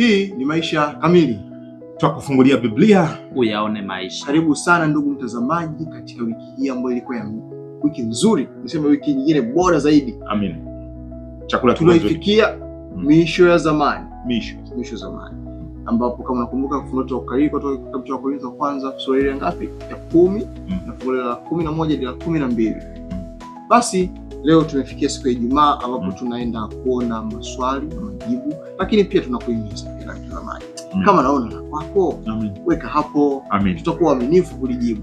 Hii ni Maisha Kamili, twakufungulia Biblia uyaone maisha. Karibu sana ndugu mtazamaji, katika wiki hii ambayo ilikuwa ya wiki nzuri, niseme wiki nyingine bora zaidi. Amin. Chakula tuloifikia mm. miisho ya zamani, miisho miisho zamani, ambapo kama unakumbuka fungu kutoka kitabu cha Wakorintho wa kwanza sura ile ngapi? Ya kumi, mm. na fungu la kumi na moja hadi la kumi na mbili. Basi Leo tumefikia siku ya Ijumaa ambapo mm. tunaenda kuona maswali na majibu, lakini pia tunakuhimiza bila mtazamaji mm. kama naona na kwako weka hapo, tutakuwa waaminifu kulijibu.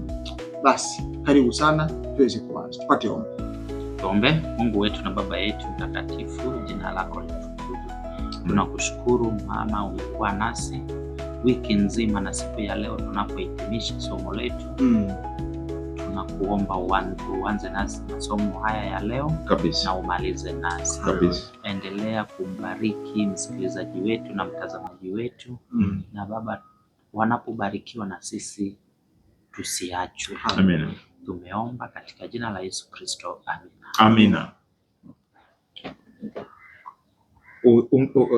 Basi karibu sana, tuweze kuanza, tupate ombi. Tuombe. Mungu wetu na Baba yetu mtakatifu, jina lako litukuzwe. Tunakushukuru maana umekuwa nasi wiki nzima na siku ya leo tunapohitimisha somo letu mm lazima kuomba uanze nasi masomo haya ya leo kabisa, na umalize nasi kabisa. Endelea kumbariki msikilizaji wetu na mtazamaji wetu mm. na Baba, wanapobarikiwa na sisi tusiachwe. Amina. Tumeomba katika jina la Yesu Kristo, amina. Amina.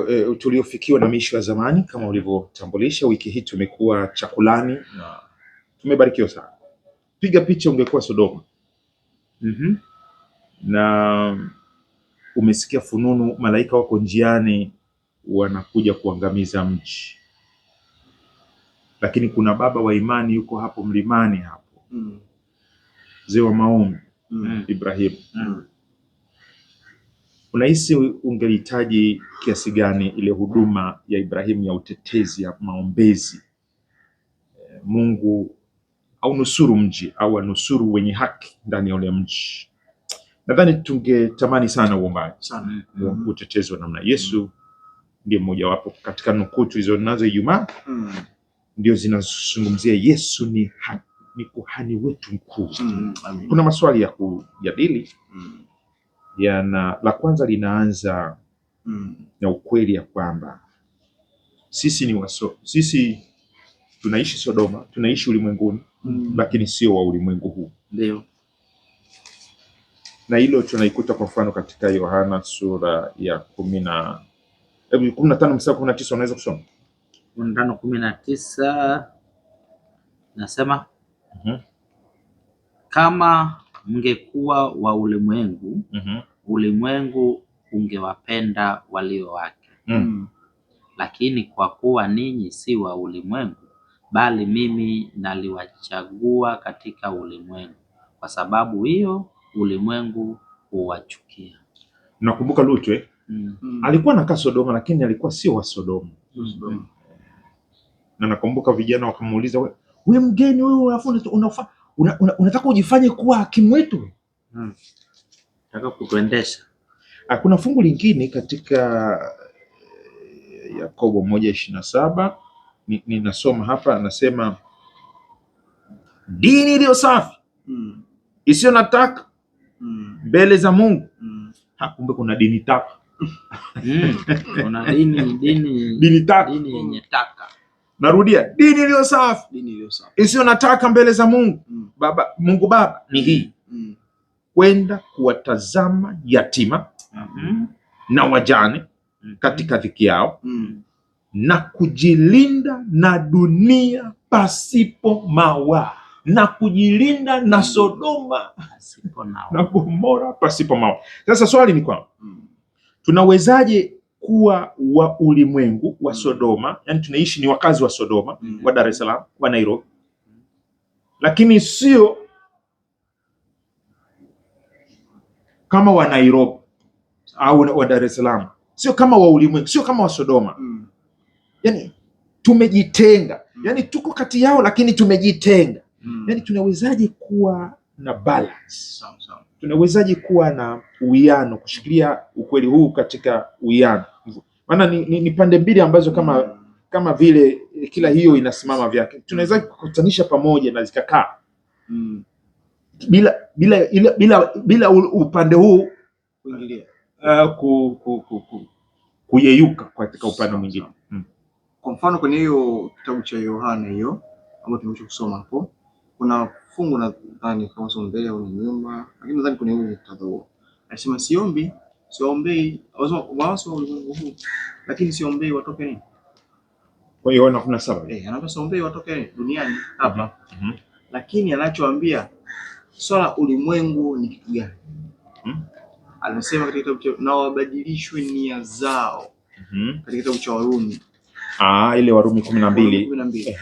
E, tuliofikiwa na miisho ya zamani kama ulivyotambulisha, wiki hii tumekuwa chakulani na tumebarikiwa sana piga picha ungekuwa Sodoma. mm -hmm. na umesikia fununu, malaika wako njiani wanakuja kuangamiza mji, lakini kuna baba wa imani yuko hapo mlimani hapo, mm. zee wa maombi mm. Ibrahimu mm. Unahisi ungelihitaji kiasi gani ile huduma ya Ibrahimu ya utetezi ya maombezi? Eh, Mungu au nusuru mji au anusuru wenye haki ndani ya ule mji. Nadhani tungetamani sana uombaji sana utetezi wa mm-hmm. namna. Yesu ndiye mmojawapo katika nukuu tulizonazo Ijumaa mm. ndio zinazungumzia Yesu ni, ha, ni kuhani wetu mkuu mm. kuna maswali ya kujadili mm. yana la kwanza linaanza mm. na ukweli ya kwamba sisi ni waso, sisi tunaishi Sodoma, tunaishi ulimwenguni mm. lakini sio wa ulimwengu huu. Ndio. Na hilo tunaikuta kwa mfano katika Yohana sura ya kumi na kumi na tano mstari kumi na tisa unaweza kusoma? kumi na tano kumi na tisa nasema mm -hmm. kama mngekuwa wa ulimwengu mm -hmm. ulimwengu ungewapenda walio wake mm. mm. lakini kwa kuwa ninyi si wa ulimwengu bali mimi naliwachagua katika ulimwengu, kwa sababu hiyo ulimwengu huwachukia. Nakumbuka lutwe mm. mm. alikuwa anakaa Sodoma, lakini alikuwa sio wa Sodoma mm. na nakumbuka vijana wakamuuliza, we mgeni wewe, alafu unataka una, una, una ujifanye kuwa hakimu wetu mm. kukuendesha. Ah, kuna fungu lingine katika eh, Yakobo moja ishirini na saba ninasoma hapa, anasema dini iliyo safi mm. isiyo na taka hmm. mbele za Mungu mm. Hakumbe kuna dini taka mm. kuna dini, dini, dini taka, dini yenye taka. Narudia, dini iliyo safi isiyo na taka mbele za Mungu mm. Baba, Mungu Baba ni hmm. hii mm. kwenda kuwatazama yatima mm -hmm. na wajane hmm. katika dhiki yao mm na kujilinda na dunia pasipo mawaa na kujilinda na Sodoma pasipo na, na Gomora pasipo mawa Sasa swali ni kwamba hmm, tunawezaje kuwa wa ulimwengu wa hmm. Sodoma, yani tunaishi ni wakazi wa Sodoma hmm, wa Dar es Salaam, wa Nairobi lakini sio kama wa Nairobi au wa Dar es Salaam, sio kama wa ulimwengu, sio kama wa Sodoma hmm yani tumejitenga mm. yani tuko kati yao lakini tumejitenga mm. yani tunawezaje kuwa na balance? Tunawezaje kuwa na uwiano, kushikilia ukweli huu katika uwiano? Maana ni, ni, ni pande mbili ambazo kama mm. kama vile eh, kila hiyo inasimama vyake, hmm. tunaweza kukutanisha pamoja na zikakaa mm. bila, bila, bila, bila, bila upande huu kuingilia uh, ku, ku, ku, ku, kuyeyuka katika upande mwingine. Kwa mfano kwenye hiyo kitabu cha Yohana hiyo ambayo tumesha kusoma hapo, kuna fungu nadhani kama sio mbele au nyuma, lakini nadhani kuna hiyo kitabu huo. Anasema siombi, siombei waasi wa ulimwengu huu, lakini siombei watoke nini? Kwa hiyo Yohana 17. Eh, anasema siombei watoke duniani hapa. Mm -hmm. Lakini anachoambia swala ulimwengu ni kitu gani? Mm -hmm. Anasema katika kitabu cha na wabadilishwe nia zao. Mm -hmm. Katika kitabu cha Warumi Ah, ile Warumi kumi na mbili kumi na mbili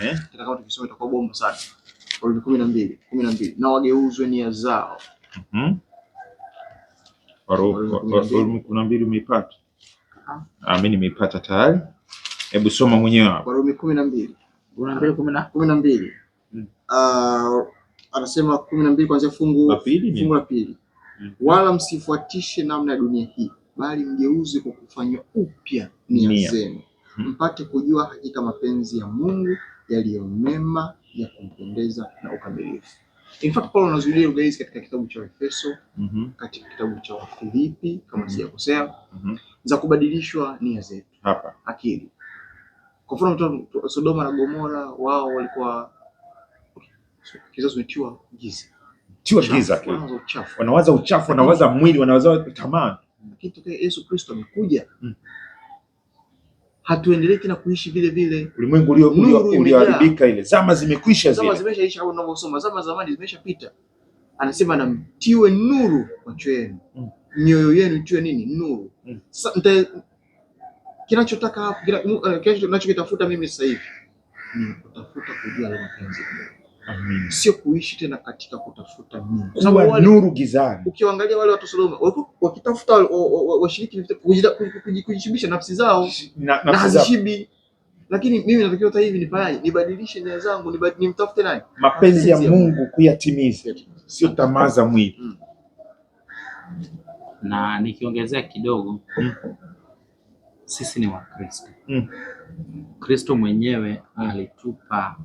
na wageuzwe nia zao. Mhm. Warumi kumi na mbili umeipata? Ah. Ah, mimi nimeipata tayari. Hebu soma mwenyewe hapo. Warumi kumi na mbili kumi na mbili mm. ah, anasema kumi na mbili kuanzia fungu la pili, mm. wala msifuatishe namna ya dunia hii, bali mgeuze kwa kufanywa upya nia zenu mpate kujua hakika mapenzi ya Mungu yaliyo mema ya kumpendeza na ukamilifu. In fact, Paulo anazuilia lugha hizi katika kitabu cha Efeso mm -hmm. katika kitabu cha Wafilipi kama mm -hmm. sijakosea mm -hmm. za kubadilishwa nia zetu hapa akili. Kwa mfano Sodoma na Gomora, wao walikuwa kizazi metiwa giza tiwa giza tu, wanawaza uchafu, wanawaza mwili, wanawaza tamaa, lakini tokea Yesu Kristo amekuja mm -hmm hatuendelee tena kuishi vile vile. Ulimwengu uliharibika, ile, zama zimekwisha, zile zama zimeshaisha, au unavyosoma zama zamani zimeshapita. Anasema na mtiwe nuru macho yenu, mm. mioyo yenu itiwe nini? Nuru. Mm. Kinachotaka hapo, eh, kinachotafuta mimi sasa hivi ni kutafuta kujua mapenzi ya Mungu. Amen. Sio kuishi tena katika kutafuta nuru, kwa sababu nuru gizani. Ukiangalia wale watu Sodoma walikuwa wakitafuta washiriki kujishibisha nafsi zao na, hazishibi lakini mimi natakiwa sasa hivi nifanyaje? Nibadilishe nia zangu, nimtafute nani? Mapenzi ya Mungu kuyatimize, sio tamaa za mwili mm. Na nikiongezea kidogo mm. Sisi ni Wakristo mm. Kristo mwenyewe alitupa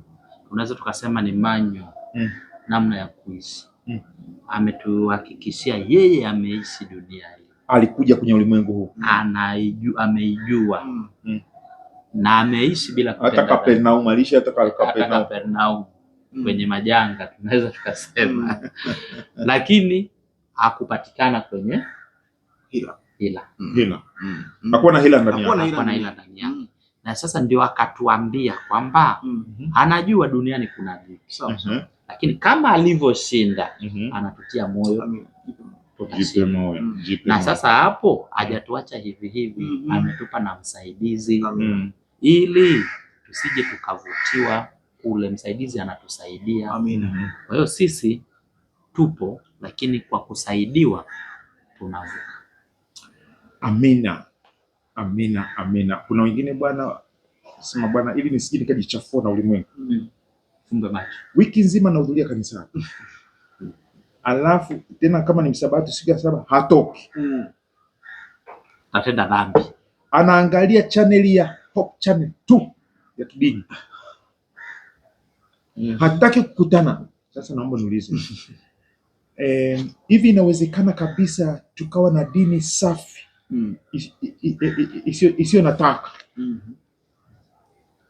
unaweza tukasema ni manyo mm. namna ya kuishi mm. ametuhakikishia yeye ameishi dunia hii, alikuja kwenye ulimwengu huu, anaijua, ameijua mm. mm. na ameishi bila hata Kapernaum, aliishi hata Kapernaum mm. kwenye majanga tunaweza tukasema mm. lakini hakupatikana kwenye hila hila, hila. Mm. Hila. Mm. hakuwa na hila ndani yake na sasa ndio akatuambia kwamba mm -hmm. anajua duniani kuna so, mm -hmm. lakini kama alivyoshinda mm -hmm. anatutia moyo jipe moyo mm. na sasa hapo hajatuacha hivi hivi mm -hmm. ametupa na msaidizi mm -hmm. ili tusije tukavutiwa kule, msaidizi anatusaidia. Amina. Mhm. Kwa hiyo sisi tupo, lakini kwa kusaidiwa tunavuka. Amina. Amina, amina. Kuna wengine bwana sema bwana, ili nisije nikajichafua na ulimwengu mm. Funga macho wiki nzima nahudhuria kanisa. mm. Alafu tena kama ni msabato siku ya saba hatoki mm. Atenda dhambi, anaangalia chaneli ya Hop Channel tu ya kidini mm. Hataki kukutana. Sasa naomba niulize hivi, inawezekana kabisa tukawa na dini safi isiyo na taka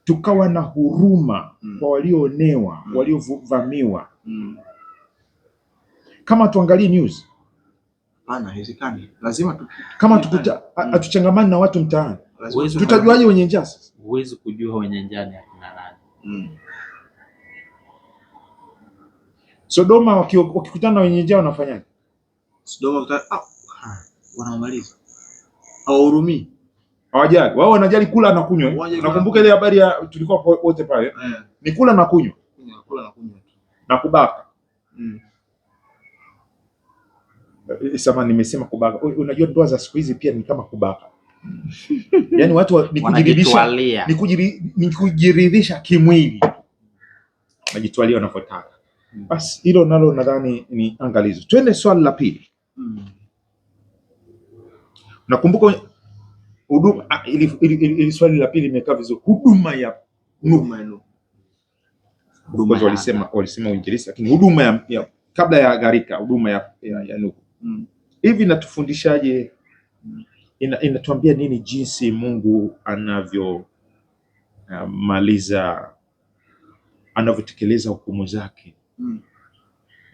tukawa na huruma mm. kwa walioonewa mm. waliovamiwa mm. kama tuangalie news Pana, hezikani. Lazima tu... kama mm. hatuchangamani mm. na watu mtaani tutajuaje wenye njaa sasa? Huwezi kujua wenye njaa ni akina nani mm. Sodoma wakikutana waki na wenye njaa wanafanyaje? Sodoma wakikutana ah, wanamaliza hawahurumii, hawajali wao, wanajali kula na kunywa. Nakumbuka ile habari ya tulikuwa wote pale yeah. ni kula na kunywa na kubaka mm. Eh, eh, Sama, nimesema kubaka. Unajua ndoa za siku hizi pia ni kama kubaka yaani watu ni kujiridhisha kimwili, najitwalia wanavyotaka. Mm. Basi hilo nalo nadhani ni angalizo. Twende swali la pili mm. Nakumbuka huduma ah, ili, ili, ili swali la pili limekaa vizuri, huduma ya huduma ya huduma walisema walisema uinjilisti, lakini huduma ya, ya kabla ya gharika, huduma ya, ya, ya Nuhu mm. hivi hmm. inatufundishaje? Ina, inatuambia nini jinsi Mungu anavyo uh, maliza anavyotekeleza hukumu zake hmm.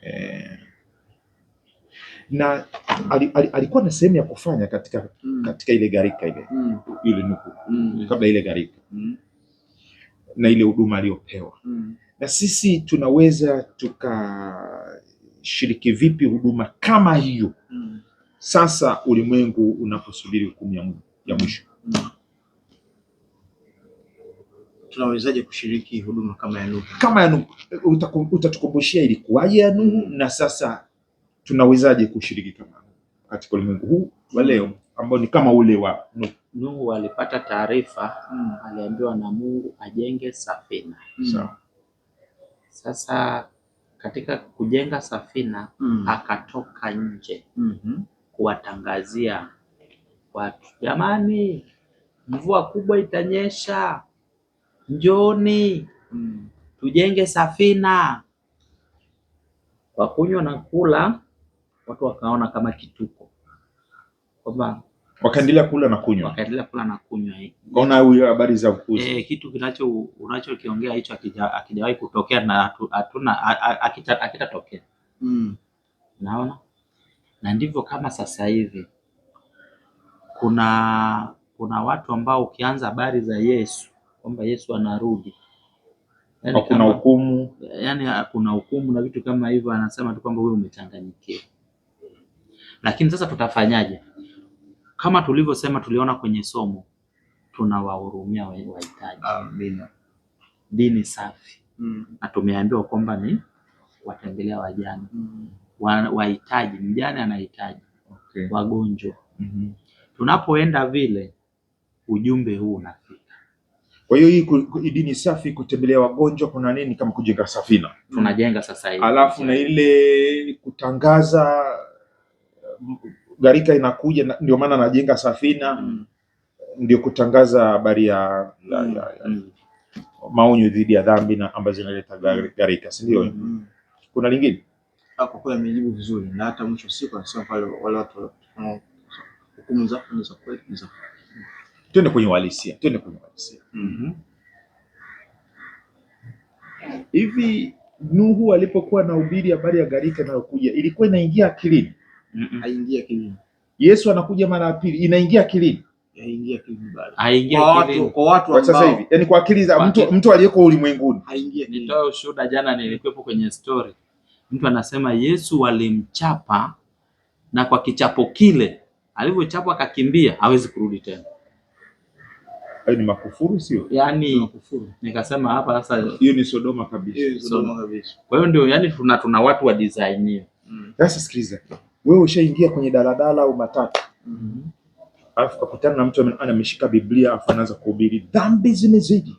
eh, na al, al, alikuwa na sehemu ya kufanya katika mm. katika ile gharika ile mm. ile nuku mm. kabla ile gharika mm. na ile huduma aliyopewa mm. na sisi tunaweza tukashiriki vipi huduma kama hiyo mm. Sasa ulimwengu unaposubiri hukumu ya mwisho mm. Tunawezaje kushiriki huduma kama ya Nuhu? Kama ya Nuhu utatukumbushia ilikuwaje ya Nuhu, na sasa tunawezaje kushiriki kama katika ulimwengu huu wa leo ambao ni kama ule wa Nuhu. Nuhu alipata taarifa mm. aliambiwa na Mungu ajenge safina mm. Sasa katika kujenga safina mm. akatoka nje mm -hmm. kuwatangazia watu, jamani, mvua kubwa itanyesha, njoni mm. tujenge safina kwa kunywa na kula watu wakaona kama kituko kwamba wakaendelea kula na kunywa, wakaendelea kula na kunywa. Kaona huyo habari za ukuzi eh, kitu kinacho unachokiongea hicho akijawahi kutokea na hatuna akitatokea. Mm. Naona na ndivyo kama sasa hivi kuna kuna watu ambao ukianza habari za Yesu kwamba Yesu anarudi, yani kuna hukumu, yani kuna hukumu na vitu kama hivyo, anasema tu kwamba wewe umechanganyikiwa lakini sasa tutafanyaje? Kama tulivyosema, tuliona kwenye somo, tunawahurumia wahitaji. Amina. Dini safi mm. na tumeambiwa kwamba ni watembelea wajane mm. wahitaji, mjane anahitaji okay. wagonjwa mm -hmm. tunapoenda vile ujumbe huu unafika. Kwa hiyo hii dini safi, kutembelea wagonjwa, kuna nini kama kujenga safina, tunajenga sasa hivi, alafu na ile kutangaza gharika inakuja, ndio maana anajenga safina mm. ndio kutangaza habari ya, ya, mm. ya, ya mm. maonyo dhidi ya dhambi na ambazo zinaleta mm. gharika, si ndio? mm. kuna lingine ah, kwa kweli amejibu vizuri, na hata mwisho siku anasema pale wale watu hukumu za kweli ni za kweli. Twende kwenye uhalisia, twende kwenye uhalisia mm hivi -hmm. Nuhu alipokuwa anahubiri habari ya gharika inayokuja, ilikuwa inaingia akilini mm -mm. akilini. Yesu anakuja mara ya pili, inaingia akilini sasa hivi, yani kwa akili za mtu, mtu aliyeko ulimwenguni. Nitoe ushuhuda, jana nilikuwepo kwenye story, mtu anasema Yesu walimchapa na kwa kichapo kile alivyochapwa akakimbia, hawezi kurudi tena. Hayo ni makufuru, sio? Yaani makufuru. Nikasema hapa sasa, hiyo ni Sodoma kabisa. Sodoma kabisa. Kwa hiyo ndio yani tuna, tuna watu wa design hiyo. Mm. Sasa sikiliza wewe ushaingia kwenye daladala au matatu mm -hmm. alafu kakutana na mtu ameshika Biblia afu anaanza kuhubiri dhambi zimezidi,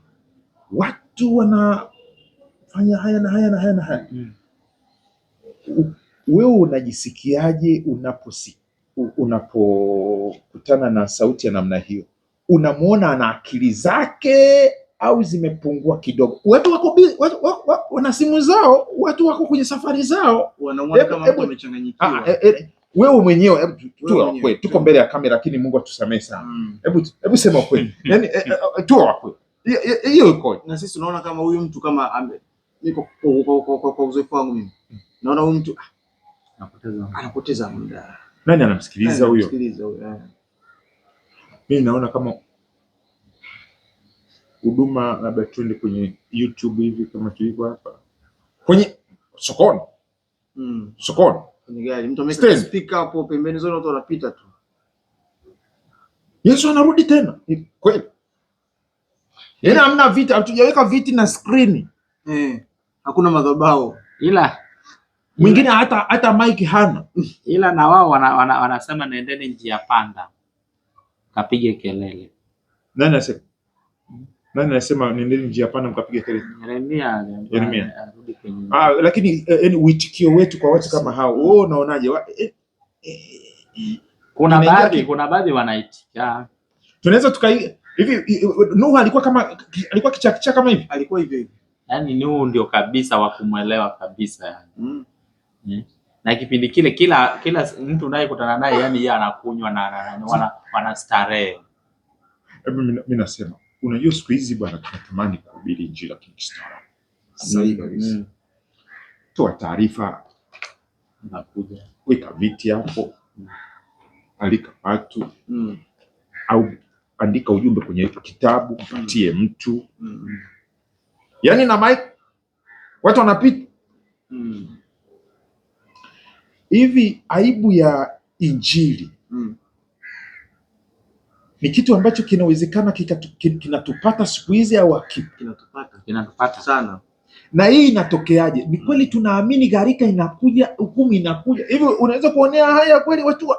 watu wanafanya haya na haya na haya na haya mm. Wewe unajisikiaje unaposi unapokutana na sauti ya namna hiyo? Unamwona ana akili zake au zimepungua kidogo. Watu wako wana simu zao, watu wako kwenye safari zao, wanaona kama watu wamechanganyikiwa. Ah, eh, eh, wewe mwenyewe hebu tu kweli, tuko mbele ya kamera, lakini Mungu atusamee sana. Mm. Hebu hebu sema kweli, yani tu kweli, hiyo iko na sisi tunaona kama huyu mtu kama ame niko kwa uzoefu wangu mimi naona huyu mtu ah, anapoteza anapoteza muda. Nani anamsikiliza huyo? anamsikiliza huyo? Eh. Mimi naona kama huduma, labda tuende kwenye YouTube hivi kama tulivyo hapa kwenye sokoni mm. sokoni kwenye gari, mtu ameweka speaker hapo pembeni, zona watu wanapita tu. Yesu anarudi tena kweli, yeye yaani yeah. amna vita hatujaweka viti na screen eh, hakuna madhabahu ila mwingine hata hata mike hana ila na wao wanasema wana, wana, naendeni njia panda, kapige kelele. Nani anasema? nani anasema nendeni njia pana mkapiga kelele? Yeremia. Yeremia. Ah, lakini eh, yani uitikio wetu kwa watu kama hao, wewe oh, unaonaje? Eh, eh, eh, Kuna baadhi kuna baadhi wanaitikia. Tunaweza tuka hivi Nuhu alikuwa kama alikuwa kicha kicha kama hivi. Alikuwa hivyo hivyo. Yaani Nuhu ndio kabisa wa kumuelewa kabisa yani. Mm. Mm. Na kipindi kile kila kila mtu naye kutana naye yani yeye anakunywa na wana wanastarehe. Hebu mimi nasema Unajua siku hizi bwana, tunatamani kuhubiri injili ya Kristo. Sahihi kabisa. Mm-hmm. Toa taarifa, nakuja weka viti hapo, alika watu mm. Mm-hmm. au andika ujumbe kwenye kitabu patie mm. Mm-hmm. mtu mm. yaani na mic watu wanapita hivi mm. aibu ya injili ni kitu ambacho kinawezekana kinatupata siku hizi au haki kinatupata, kinatupata sana. Na hii inatokeaje? Ni kweli mm. tunaamini gharika inakuja, hukumu inakuja. Hivi unaweza kuonea haya kweli watu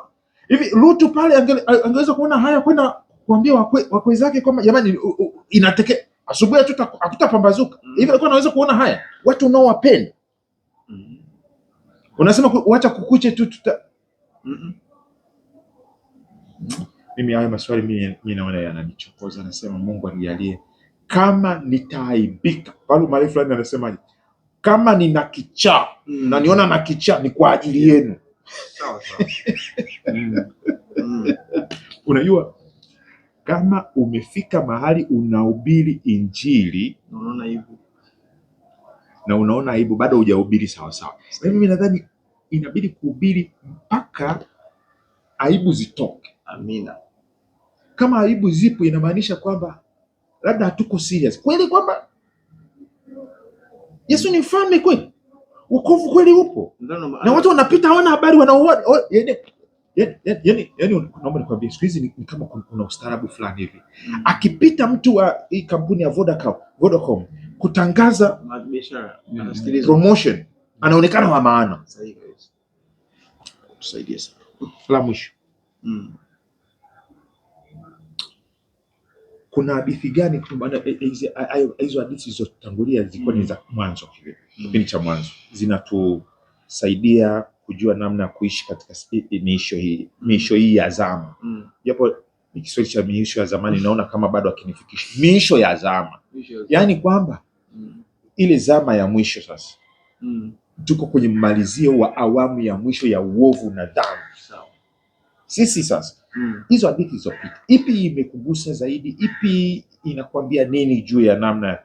hivi? Lutu pale angeweza kuona haya kwenda kuambia wakwe, wakwe zake kwamba jamani, inateke asubuhi mm. hivi, alikuwa anaweza kuona haya watu unaowapenda mm. Unasema wacha kukuche tu tuta mm -mm mimi hayo maswali mimi naona yananichokoza. Anasema Mungu anijalie kama nitaaibika. Paulo mahali fulani anasemaje? Kama nina kichaa mm. na niona na kichaa ni kwa ajili yenu. Mm. Mm. Unajua, kama umefika mahali unahubiri Injili unaona aibu na unaona aibu, bado hujahubiri sawasawa. Mimi nadhani inabidi kuhubiri mpaka aibu zitoke. Amina. Kama aibu zipo, inamaanisha kwamba labda hatuko serious kweli, kwamba Yesu ni mfalme kweli, wokovu kweli upo na watu wanapita hawana habari, wanaoa yaani, naomba nikwambie, siku hizi ni kama kuna ustaarabu fulani hivi, hmm. akipita mtu wa hii kampuni ya Vodacom, Vodacom kutangaza hmm. promotion, anaonekana wa maana. Tusaidie sana la mwisho mm. kuna hadithi gani? Eh, eh, ah, ah, hizo hadithi zilizotangulia zilikuwa ni za mm. mwanzo, mm. kipindi cha mwanzo, zinatusaidia kujua namna ya kuishi katika miisho hii, mm. miisho hii ya zama, japo ni Kiswahili cha miisho ya zamani, naona kama bado akinifikisha miisho ya zama, yaani kwamba ile zama ya mwisho sasa tuko kwenye mmalizio wa awamu ya mwisho ya uovu na dhambi. Sisi sasa mm. hizo hmm, hadithi zopita ipi imekugusa zaidi? Ipi inakwambia nini juu ya namna ya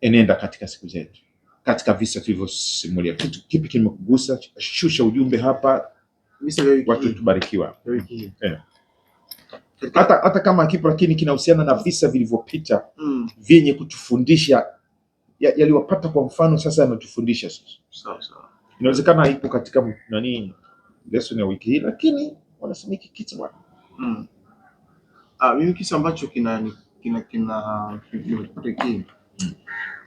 kuenenda katika siku zetu, katika visa tulivyosimulia? Kipi kimekugusa? Shusha ujumbe hapa, watu tubarikiwa eh. hata hata kama kipo lakini kinahusiana na visa vilivyopita mm, vyenye kutufundisha yaliwapata. Ya kwa mfano sasa yanatufundisha sasa, inawezekana ipo katika nani lesson ya wiki hii, lakini wanasema hiki kitu bwana mm. Ah, mimi kitu ambacho kina kina kina kinapatikana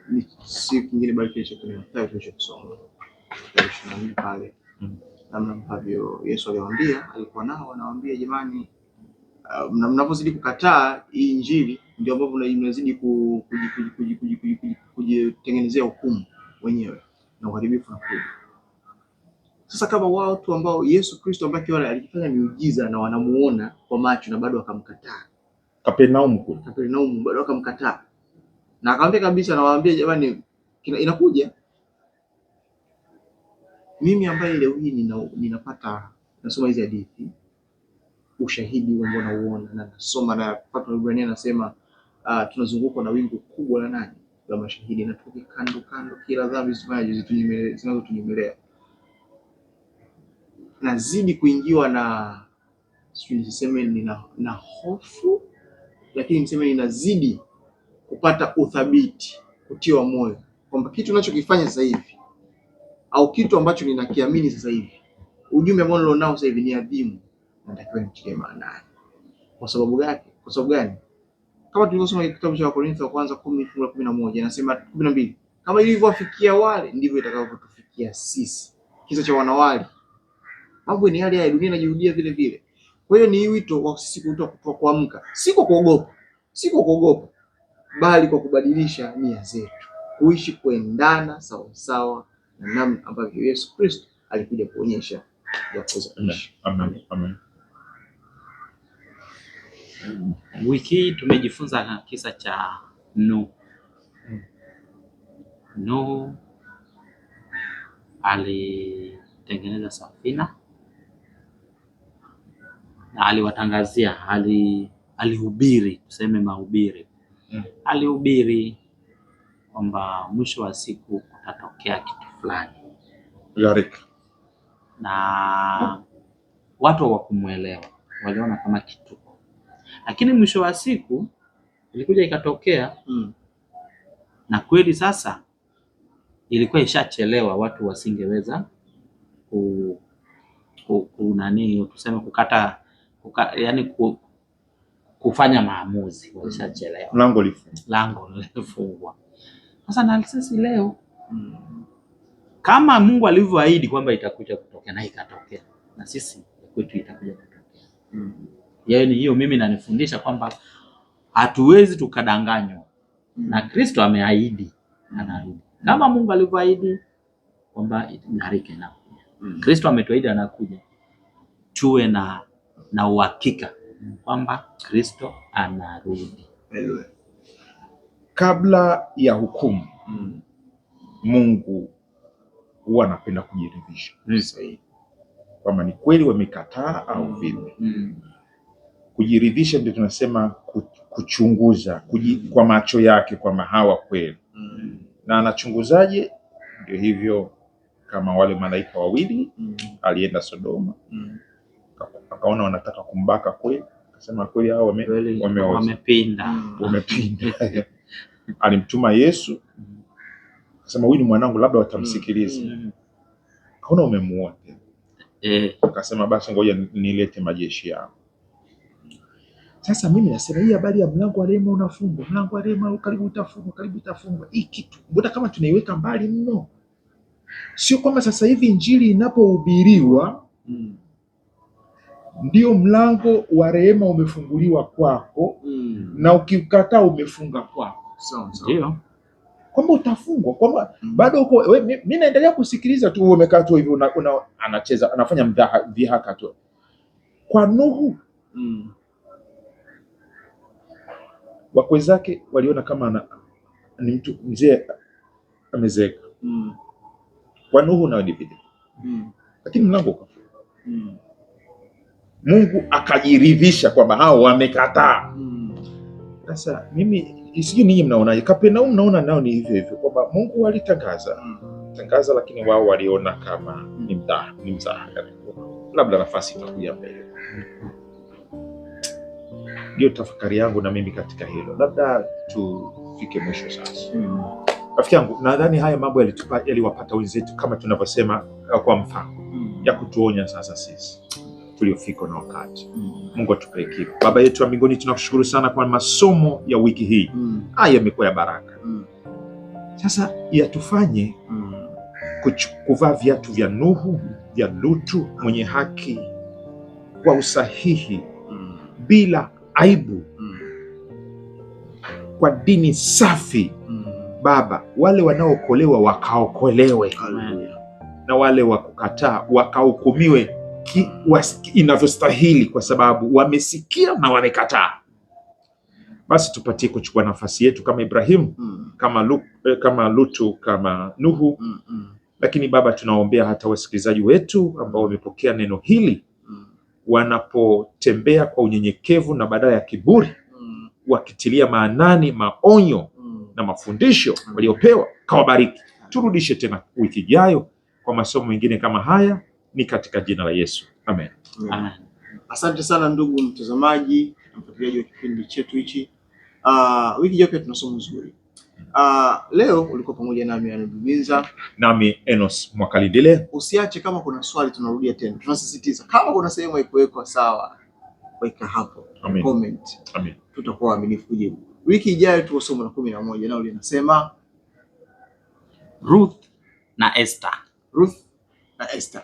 ni siku nyingine bali kesho kuna tayari cha kusoma ishirini na nne pale namna ambavyo Yesu aliwaambia, alikuwa nao anawaambia jamani, mnapozidi kukataa hii Injili ndio ambapo mnazidi kujitengenezea hukumu wenyewe na uharibifu unakuja. Sasa kama watu ambao Yesu Kristo ambaye wale alifanya miujiza na wanamuona kwa macho na bado wakamkataa. Kapernaum kule. Kapernaum bado wakamkataa. Na akamwambia kabisa, nawaambia jamani, inakuja mimi ambaye leo hii nina, ninapata nasoma hizi hadithi ushahidi ambao nauona na nasoma na Papa Ibrania anasema uh, tunazungukwa na wingu kubwa la nani la mashahidi na tuko kando kando kila dhambi zinazotunyemelea nazidi kuingiwa na sijui niseme nina na hofu, lakini niseme ninazidi kupata uthabiti, kutiwa moyo kwamba kitu ninachokifanya sasa hivi au kitu ambacho ninakiamini sasa hivi, ujumbe ambao nilionao sasa hivi ni adhimu, natakiwa nitilie maana. Kwa sababu gani? Kwa sababu gani? Kama tulivyosoma katika kitabu cha Wakorintho wa kwanza 10:11 fungu la inasema kumi kama ilivyowafikia wale ndivyo itakavyotufikia sisi. Kisa cha wanawali Mambo ni hali ya dunia inajirudia vile vile. Kwa hiyo ni wito wa sisi kuitwa kuamka, si kwa kuogopa, si kwa kuogopa, bali kwa kubadilisha nia zetu, kuishi kuendana sawasawa na namna ambavyo Yesu Kristo alikuja kuonyesha ya kuishi. Amen. Amen. Mm. Wiki hii tumejifunza na kisa cha Nuhu. Nuhu alitengeneza safina aliwatangazia, ali alihubiri, tuseme mahubiri, mm. alihubiri kwamba mwisho wa siku kutatokea kitu fulani Garika. na watu wakumwelewa waliona kama kituko, lakini mwisho wa siku ilikuja ikatokea, mm. na kweli sasa ilikuwa ishachelewa, watu wasingeweza ku, ku, ku nani tuseme kukata kuka, yani ku, kufanya maamuzi mm. Walishachelewa, lango lifungwa, lango lifungwa. Sasa na sisi leo mm. kama Mungu alivyoahidi kwamba itakuja kutokea na ikatokea, na sisi kwetu itakuja kutokea mm. Yaani hiyo mimi nanifundisha kwamba hatuwezi tukadanganywa mm. na Kristo ameahidi mm. anarudi kama Mungu alivyoahidi kwamba gharika na mm. Kristo ametuahidi anakuja, tuwe na na uhakika kwamba Kristo anarudi. Kabla ya hukumu mm. Mungu huwa anapenda kujiridhisha mm. kwamba ni kweli wamekataa au vipi mm. Kujiridhisha ndio tunasema kuchunguza kuji, kwa macho yake kwamba hawa kweli mm. na anachunguzaje? Ndio hivyo kama wale malaika wawili mm. alienda Sodoma mm akaona wanataka kumbaka kweli, akasema kweli hao wamepinda wamepinda. Mm. Alimtuma Yesu akasema, huyu ni mwanangu, labda watamsikiliza. Mm. Mm. Kaona umemuona eh, akasema basi ngoja nilete majeshi yao. Sasa mimi nasema hii habari ya mlango wa rehema unafungwa, mlango wa rehema karibu utafungwa, karibu utafungwa, hii kitu mbona kama tunaiweka mbali mno? Sio kwamba sasa hivi injili inapohubiriwa mm ndio mlango wa rehema umefunguliwa kwako mm. na ukikata umefunga kwako so, Ndio kwamba utafungwa kwamba mm. bado uko wewe. Mimi naendelea kusikiliza tu, wewe umekaa tu hivi una, una, anacheza anafanya mdhaha dhihaka tu kwa Nuhu mm. wakwe zake waliona kama ana, ni mtu mzee amezeeka mm. kwa Nuhu nao ni vile mm. lakini mlango ukafungwa mm. Mungu akajiridhisha kwamba hao wamekataa. Hmm. Sasa hmm. mimi sijui ninyi mnaonaje? kapenau naona nao ni hivyo hivyo kwamba Mungu alitangaza hmm. tangaza, lakini wao waliona kama hmm. ni mzaha, ni mzaha. Labda nafasi itakuja mbele. Ndio tafakari yangu na mimi katika hilo, labda tufike mwisho sasa hmm. Rafiki yangu, nadhani haya mambo yaliwapata yali wenzetu kama tunavyosema uh, kwa mfano hmm. ya kutuonya sasa sisi tuliofikwa na wakati mm. Mungu atupelekee. Baba yetu wa mbinguni, tunakushukuru sana kwa masomo ya wiki hii mm. Haya yamekuwa ya baraka mm. Sasa yatufanye mm. kuvaa viatu vya Nuhu vya Lutu mwenye haki kwa usahihi mm. bila aibu mm. kwa dini safi mm. Baba, wale wanaookolewa wakaokolewe na wale wakukataa wakahukumiwe inavyostahili, kwa sababu wamesikia na wamekataa. Basi tupatie kuchukua nafasi yetu kama Ibrahimu, mm. kama, Lu, eh, kama Lutu, kama Nuhu mm -mm. Lakini Baba, tunaombea hata wasikilizaji wetu ambao mm. wamepokea neno hili mm. wanapotembea kwa unyenyekevu na badala ya kiburi mm. wakitilia maanani maonyo mm. na mafundisho mm. waliopewa, kawabariki. Turudishe tena wiki ijayo kwa masomo mengine kama haya ni katika jina la Yesu Amen. Amen. Asante sana ndugu mtazamaji na mfuatiliaji wa kipindi chetu hichi. Uh, wiki ijayo pia tuna somo zuri. Uh, ah, leo ulikuwa pamoja nami Anubinza nami Enos Mwakalindile. Usiache, kama kuna swali tunarudia tena, tunasisitiza kama kuna sehemu haikuwekwa sawa, weka hapo Amen. Comment. Amen. Tutakuwa waaminifu jibu. Wiki ijayo tuko somo la kumi na moja nao linasema Ruth na Esther. Ruth na Esther.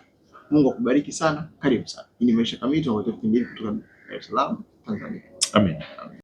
Mungu akubariki sana, karibu sana. Hii ni Maisha Kamili, tunakuletea kipindi kutoka Dar es Salaam, Tanzania. Amen. Amen.